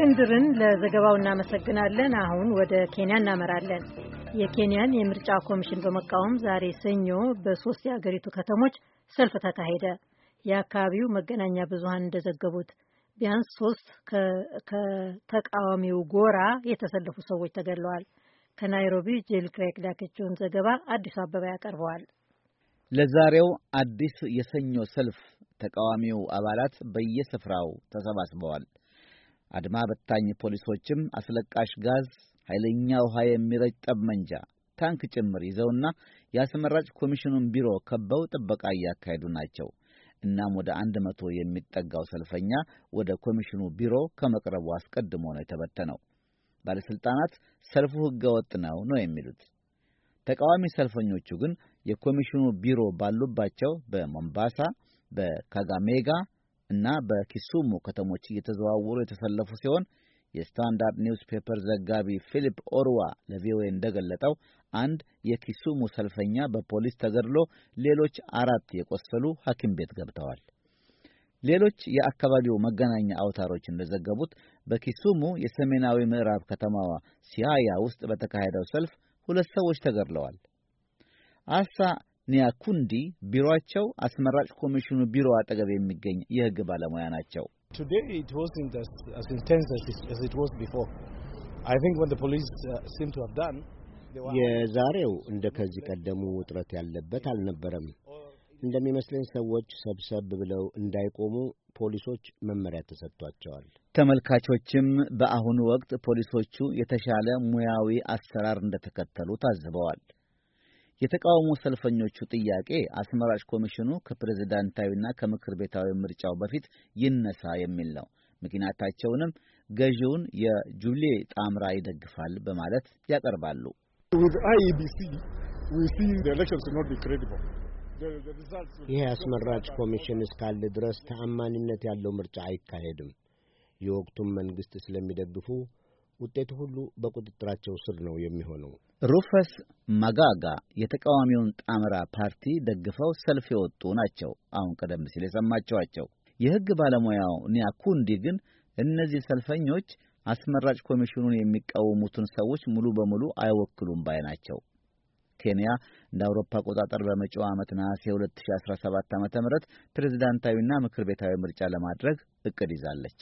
እስክንድርን ለዘገባው እናመሰግናለን። አሁን ወደ ኬንያ እናመራለን። የኬንያን የምርጫ ኮሚሽን በመቃወም ዛሬ ሰኞ በሶስት የአገሪቱ ከተሞች ሰልፍ ተካሄደ። የአካባቢው መገናኛ ብዙሃን እንደዘገቡት ቢያንስ ሶስት ከተቃዋሚው ጎራ የተሰለፉ ሰዎች ተገድለዋል። ከናይሮቢ ጄል ክሬክ ላከችውን ዘገባ አዲሱ አበባ ያቀርበዋል። ለዛሬው አዲስ የሰኞ ሰልፍ ተቃዋሚው አባላት በየስፍራው ተሰባስበዋል። አድማ በታኝ ፖሊሶችም አስለቃሽ ጋዝ፣ ኃይለኛ ውሃ የሚረጭ ጠመንጃ፣ ታንክ ጭምር ይዘውና የአስመራጭ ኮሚሽኑን ቢሮ ከበው ጥበቃ እያካሄዱ ናቸው። እናም ወደ አንድ መቶ የሚጠጋው ሰልፈኛ ወደ ኮሚሽኑ ቢሮ ከመቅረቡ አስቀድሞ ነው የተበተነው። ባለሥልጣናት ሰልፉ ወጥ ነው ነው የሚሉት። ተቃዋሚ ሰልፈኞቹ ግን የኮሚሽኑ ቢሮ ባሉባቸው በሞምባሳ፣ በካጋሜጋ እና በኪሱሙ ከተሞች እየተዘዋወሩ የተሰለፉ ሲሆን የስታንዳርድ ኒውስ ፔፐር ዘጋቢ ፊሊፕ ኦርዋ ለቪኦኤ እንደገለጠው አንድ የኪሱሙ ሰልፈኛ በፖሊስ ተገድሎ ሌሎች አራት የቆሰሉ ሐኪም ቤት ገብተዋል። ሌሎች የአካባቢው መገናኛ አውታሮች እንደዘገቡት በኪሱሙ የሰሜናዊ ምዕራብ ከተማዋ ሲያያ ውስጥ በተካሄደው ሰልፍ ሁለት ሰዎች ተገድለዋል። አሳ ኒያኩንዲ ቢሮአቸው አስመራጭ ኮሚሽኑ ቢሮ አጠገብ የሚገኝ የሕግ ባለሙያ ናቸው። የዛሬው እንደ ከዚህ ቀደሙ ውጥረት ያለበት አልነበረም። እንደሚመስለኝ ሰዎች ሰብሰብ ብለው እንዳይቆሙ ፖሊሶች መመሪያ ተሰጥቷቸዋል። ተመልካቾችም በአሁኑ ወቅት ፖሊሶቹ የተሻለ ሙያዊ አሰራር እንደተከተሉ ታዝበዋል። የተቃውሞ ሰልፈኞቹ ጥያቄ አስመራጭ ኮሚሽኑ ከፕሬዝዳንታዊና ከምክር ቤታዊ ምርጫው በፊት ይነሳ የሚል ነው። ምክንያታቸውንም ገዢውን የጁሌ ጣምራ ይደግፋል በማለት ያቀርባሉ። e ይህ አስመራጭ ኮሚሽን እስካለ ድረስ ተአማኒነት ያለው ምርጫ አይካሄድም። የወቅቱም መንግሥት ስለሚደግፉ ውጤቱ ሁሉ በቁጥጥራቸው ስር ነው የሚሆነው። ሩፈስ ማጋጋ የተቃዋሚውን ጣምራ ፓርቲ ደግፈው ሰልፍ የወጡ ናቸው። አሁን ቀደም ሲል የሰማችኋቸው የሕግ ባለሙያው ኒያኩንዲ ግን እነዚህ ሰልፈኞች አስመራጭ ኮሚሽኑን የሚቃወሙትን ሰዎች ሙሉ በሙሉ አይወክሉም ባይ ናቸው። ኬንያ እንደ አውሮፓ አቆጣጠር በመጪው ዓመት ነሐሴ 2017 ም ፕሬዝዳንታዊና ምክር ቤታዊ ምርጫ ለማድረግ እቅድ ይዛለች።